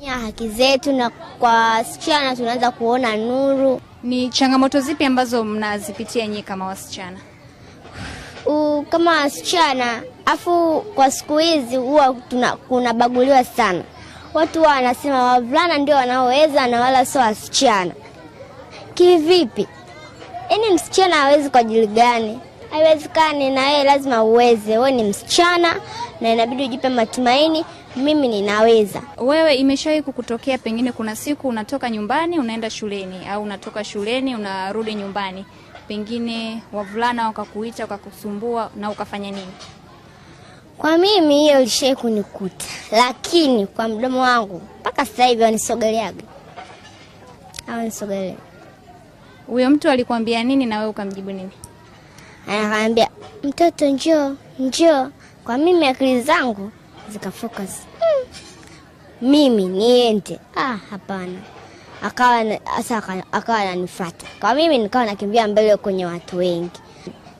ya haki zetu, na kwa wasichana tunaanza kuona nuru. Ni changamoto zipi ambazo mnazipitia nyinyi kama wasichana? U, kama wasichana afu kwa siku hizi huwa kunabaguliwa sana, watu huwa wanasema wavulana ndio wanaoweza na wala sio wasichana. Kivipi? Yaani msichana hawezi kwa ajili gani? haiwezekani, na wewe lazima uweze. Wewe ni msichana na inabidi ujipe matumaini, mimi ninaweza. Wewe imeshawahi kukutokea, pengine kuna siku unatoka nyumbani unaenda shuleni, au unatoka shuleni unarudi nyumbani, pengine wavulana wakakuita wakakusumbua, na ukafanya nini? Kwa mimi hiyo ilishai kunikuta, lakini kwa mdomo wangu mpaka sasa hivi wanisogeleaga, awanisogelea. Huyo mtu alikwambia nini na wewe ukamjibu nini? Anakaambia mtoto, njoo njoo. Kwa mimi akili zangu zikafocus hmm. mimi niende. Ah, hapana. Akawa asa akawa ananifuata kwa mimi, nikawa nakimbia mbele kwenye watu wengi.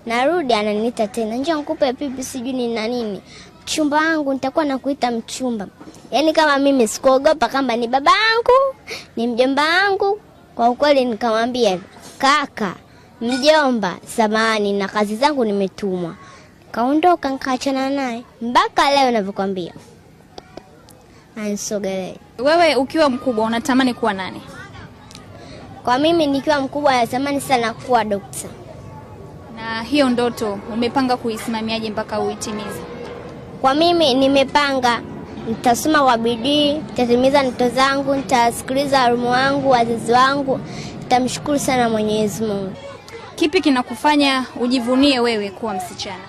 Narudi ananiita tena, njo nikupe pipi, sijui ni na nini. Mchumba wangu nitakuwa nakuita mchumba, yaani kama mimi sikuogopa kama ni baba yangu ni mjomba wangu. Kwa ukweli nikamwambia kaka Mjomba, samani na kazi zangu nimetumwa. Kaondoka nkaachana naye mpaka leo navyokwambia. Ansogelee. Wewe ukiwa mkubwa unatamani kuwa nani? Kwa mimi nikiwa mkubwa natamani sana kuwa dokta. Na hiyo ndoto umepanga kuisimamiaje mpaka uitimize? Kwa mimi nimepanga nitasoma kwa bidii, nitatimiza ndoto zangu, nitasikiliza walimu wangu, wazazi wangu, nitamshukuru sana Mwenyezi Mungu. Kipi kinakufanya ujivunie wewe kuwa msichana?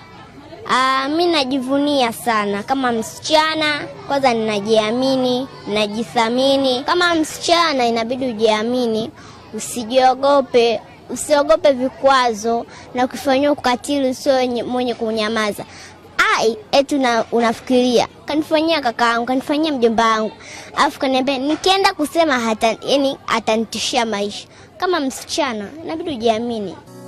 Aa, ah, mi najivunia sana kama msichana. Kwanza ninajiamini, najithamini kama msichana. Inabidi ujiamini, usijiogope, usiogope vikwazo na ukifanyia ukatili usio mwenye kunyamaza. Ai, eti na unafikiria kanifanyia yangu, kanifanyia mjomba wangu, alafu kaniambia nikienda kusema hata yani atanitishia maisha. Kama msichana inabidi ujiamini.